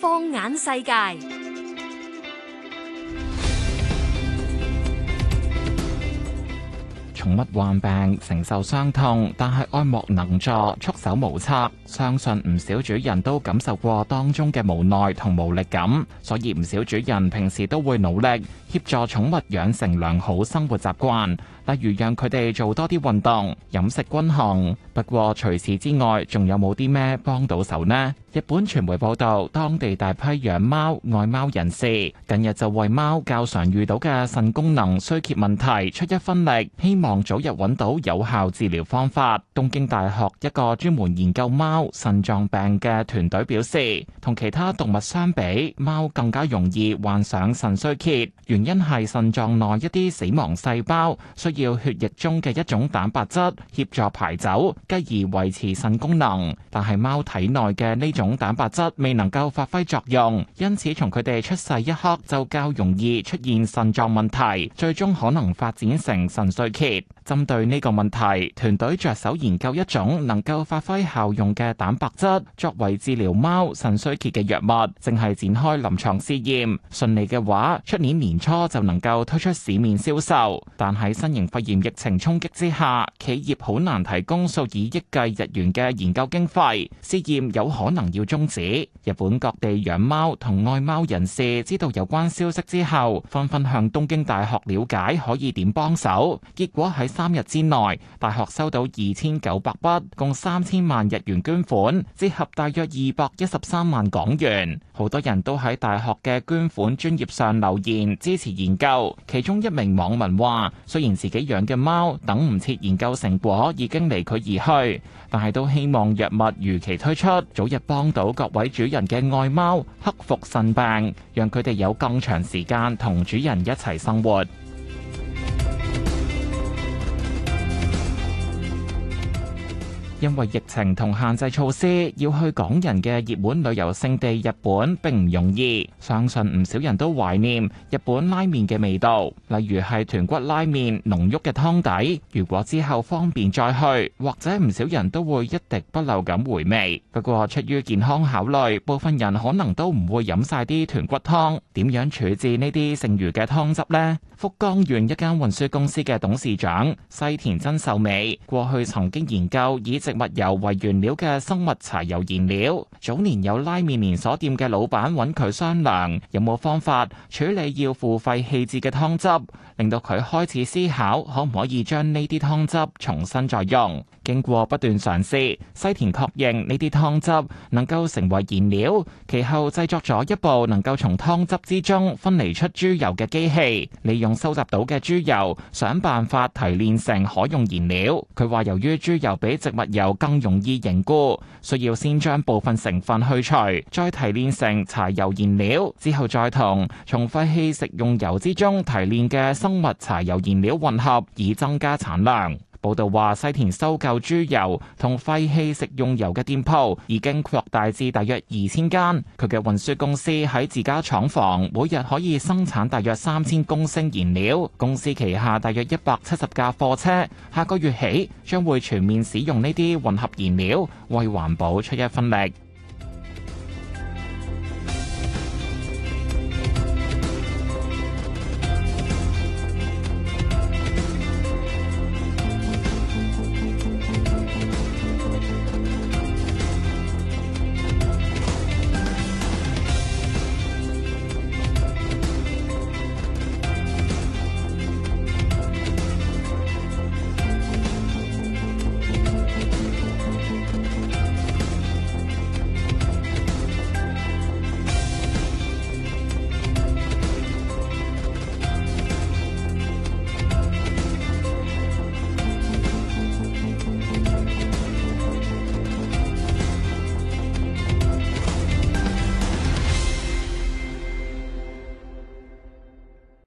放眼世界。寵物患病，承受傷痛，但係愛莫能助，束手無策。相信唔少主人都感受過當中嘅無奈同無力感，所以唔少主人平時都會努力協助寵物養成良好生活習慣，例如讓佢哋做多啲運動、飲食均衡。不過除此之外，仲有冇啲咩幫到手呢？日本傳媒報道，當地大批養貓愛貓人士近日就為貓較常遇到嘅腎功能衰竭問題出一分力，希望早日揾到有效治療方法。東京大學一個專門研究貓腎臟病嘅團隊表示，同其他動物相比，貓更加容易患上腎衰竭，原因係腎臟內一啲死亡細胞需要血液中嘅一種蛋白質協助排走，繼而維持腎功能。但係貓體內嘅呢種種蛋白質未能夠發揮作用，因此從佢哋出世一刻就較容易出現腎臟問題，最終可能發展成腎衰竭。針對呢個問題，團隊着手研究一種能夠發揮效用嘅蛋白質，作為治療貓腎衰竭嘅藥物，正係展開臨床試驗。順利嘅話，出年年初就能夠推出市面銷售。但喺新型肺炎疫情衝擊之下，企業好難提供數以億計日元嘅研究經費，試驗有可能要終止。日本各地養貓同愛貓人士知道有關消息之後，紛紛向東京大學了解可以點幫手。結果喺三日之內大學收到二千九百筆共三千萬日元捐款，折合大約二百一十三萬港元。好多人都喺大學嘅捐款專頁上留言支持研究。其中一名網民話雖然自己養嘅貓等唔切研究成果已經離佢而去，但係都希望藥物如期推出，早日幫。幫到各位主人嘅愛貓克服腎病，讓佢哋有更長時間同主人一齊生活。因為疫情同限制措施，要去港人嘅熱門旅遊勝地日本並唔容易。相信唔少人都懷念日本拉麵嘅味道，例如係豚骨拉麵濃郁嘅湯底。如果之後方便再去，或者唔少人都會一滴不漏咁回味。不過，出於健康考慮，部分人可能都唔會飲晒啲豚骨湯。點樣處置呢啲剩餘嘅湯汁呢？福岡縣一間運輸公司嘅董事長西田真秀美過去曾經研究以植物油為原料嘅生物柴油燃料，早年有拉麵連鎖店嘅老闆揾佢商量，有冇方法處理要付費棄置嘅湯汁，令到佢開始思考可唔可以將呢啲湯汁重新再用。經過不斷嘗試，西田確認呢啲湯汁能夠成為燃料，其後製作咗一部能夠從湯汁之中分離出豬油嘅機器，利用收集到嘅豬油，想辦法提煉成可用燃料。佢話由於豬油比植物油有更容易凝固，需要先將部分成分去除，再提煉成柴油燃料，之後再同從廢棄食用油脂中提煉嘅生物柴油燃料混合，以增加產量。報道話，西田收購豬油同廢棄食用油嘅店鋪已經擴大至大約二千間。佢嘅運輸公司喺自家廠房每日可以生產大約三千公升燃料。公司旗下大約一百七十架貨車，下個月起將會全面使用呢啲混合燃料，為環保出一分力。